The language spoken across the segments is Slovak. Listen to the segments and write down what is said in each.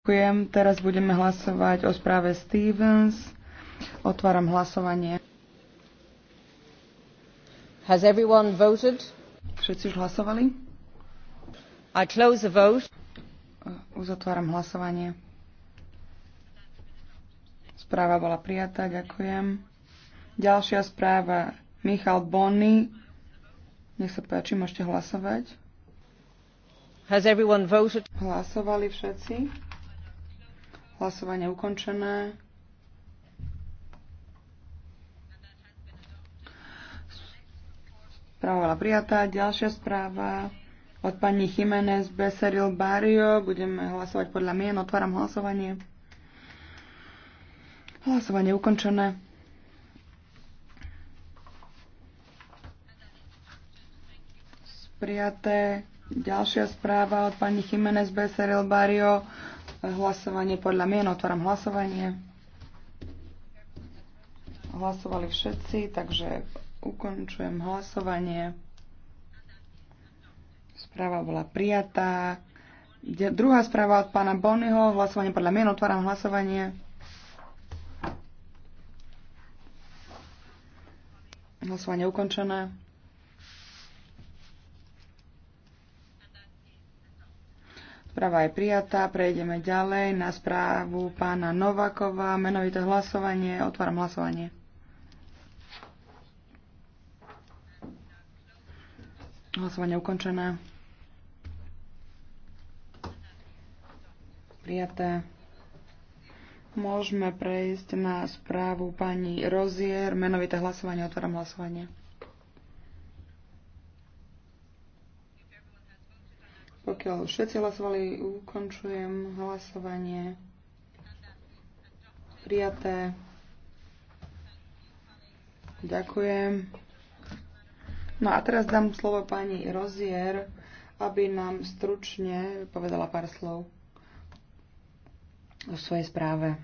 Ďakujem. Teraz budeme hlasovať o správe Stevens. Otváram hlasovanie. Has everyone voted? Všetci už hlasovali? I close the vote. Uzatváram hlasovanie. Správa bola prijatá, ďakujem. Ďalšia správa Michal Bonny. Nech sa páči, môžete hlasovať. Has everyone voted? Hlasovali všetci. Hlasovanie ukončené. Správa bola prijatá. Ďalšia správa od pani Jiménez Beseril Bario, Budeme hlasovať podľa mien. Otváram hlasovanie. Hlasovanie ukončené. Prijaté. Ďalšia správa od pani Jiménez Beseril Bario hlasovanie podľa mien. Otváram hlasovanie. Hlasovali všetci, takže ukončujem hlasovanie. Správa bola prijatá. Druhá správa od pána Bonyho. Hlasovanie podľa mien. Otváram hlasovanie. Hlasovanie ukončené. Správa je prijatá. Prejdeme ďalej na správu pána Novakova. Menovité hlasovanie. Otváram hlasovanie. Hlasovanie ukončené. Prijaté. Môžeme prejsť na správu pani Rozier. Menovité hlasovanie. Otváram hlasovanie. Pokiaľ všetci hlasovali, ukončujem hlasovanie. Prijaté. Ďakujem. No a teraz dám slovo pani Rozier, aby nám stručne povedala pár slov o svojej správe.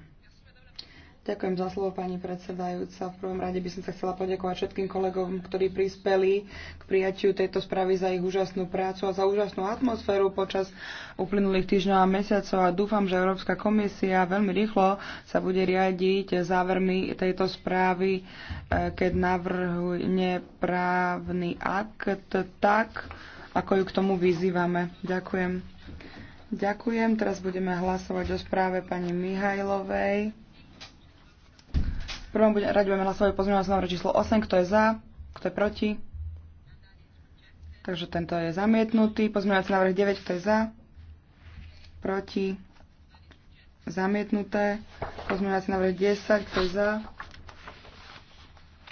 Ďakujem za slovo, pani predsedajúca. V prvom rade by som sa chcela poďakovať všetkým kolegom, ktorí prispeli k prijatiu tejto správy za ich úžasnú prácu a za úžasnú atmosféru počas uplynulých týždňov a mesiacov a dúfam, že Európska komisia veľmi rýchlo sa bude riadiť závermi tejto správy, e, keď navrhne právny akt tak, ako ju k tomu vyzývame. Ďakujem. Ďakujem. Teraz budeme hlasovať o správe pani Mihajlovej prvom bude, rade budeme hlasovať o pozmeňovacom návrhu číslo 8. Kto je za? Kto je proti? Takže tento je zamietnutý. Pozmeňovací návrh 9. Kto je za? Proti? Zamietnuté. Pozmeňovací návrh 10. Kto je za?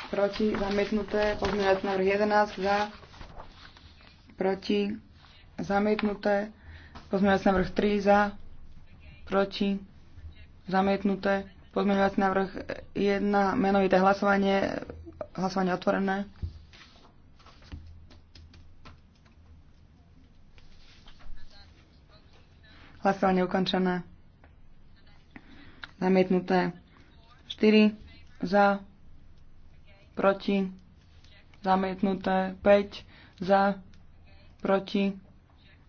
Proti? Zamietnuté. Pozmeňovací návrh 11. Za? Proti? Zamietnuté. Pozmeňovací návrh 3. Za? Proti? Zamietnuté. Pozmeňovací návrh 1, menovité hlasovanie, hlasovanie otvorené. Hlasovanie ukončené. Zamietnuté. 4 za, proti, zamietnuté. 5 za, proti,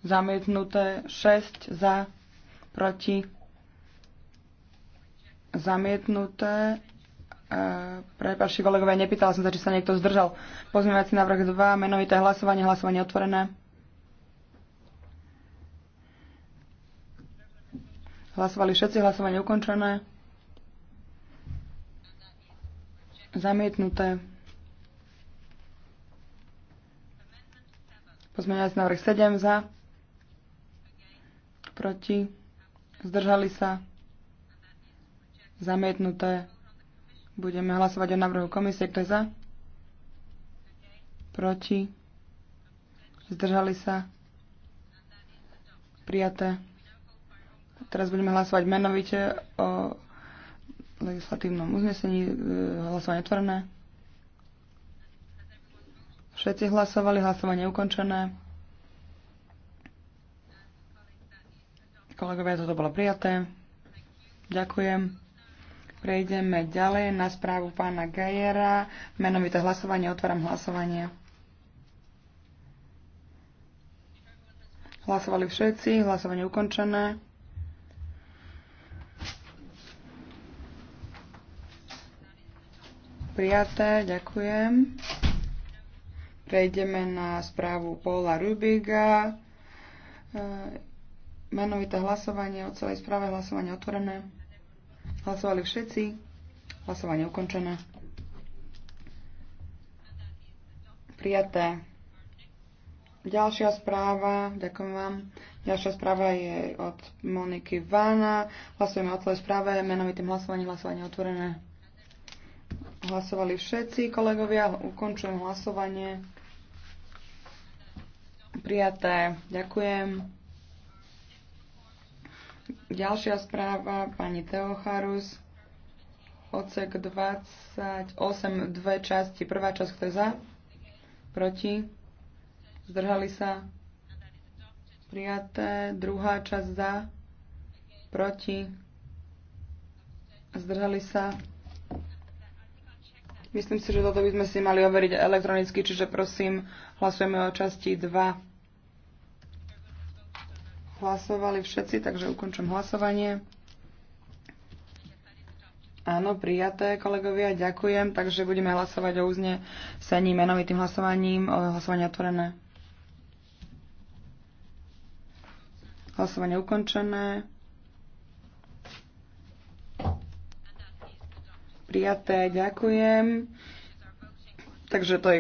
zamietnuté. 6 za, proti, zamietnuté. E, Prepačte, kolegovia, nepýtala som sa, či sa niekto zdržal. Pozmeňovací návrh 2, menovité hlasovanie, hlasovanie otvorené. Hlasovali všetci, hlasovanie ukončené. Zamietnuté. Pozmeňovací návrh 7 za. Proti. Zdržali sa. Zamietnuté. Budeme hlasovať o návrhu komisie. Kto je za? Proti? Zdržali sa? Prijaté. Teraz budeme hlasovať menovite o legislatívnom uznesení. E, hlasovanie otvorené. Všetci hlasovali, hlasovanie ukončené. Kolegovia, toto bolo prijaté. Ďakujem. Prejdeme ďalej na správu pána Gajera. Menovité hlasovanie, otváram hlasovanie. Hlasovali všetci, hlasovanie ukončené. Prijaté, ďakujem. Prejdeme na správu Paula Rubiga. E, menovité hlasovanie o celej správe, hlasovanie otvorené. Hlasovali všetci. Hlasovanie ukončené. Prijaté. Ďalšia správa, ďakujem vám. Ďalšia správa je od Moniky Vána. Hlasujeme o celej správe, menovitým hlasovaním, hlasovanie otvorené. Hlasovali všetci kolegovia, ukončujem hlasovanie. Prijaté, ďakujem. Ďalšia správa, pani Teocharus, odsek 28, dve časti. Prvá časť, kto je za? Proti? Zdržali sa? Prijaté. Druhá časť za? Proti? Zdržali sa? Myslím si, že toto by sme si mali overiť elektronicky, čiže prosím, hlasujeme o časti 2. Hlasovali všetci, takže ukončím hlasovanie. Áno, prijaté, kolegovia, ďakujem. Takže budeme hlasovať o sení menovitým hlasovaním. Hlasovanie otvorené. Hlasovanie ukončené. Prijaté, ďakujem. Takže to je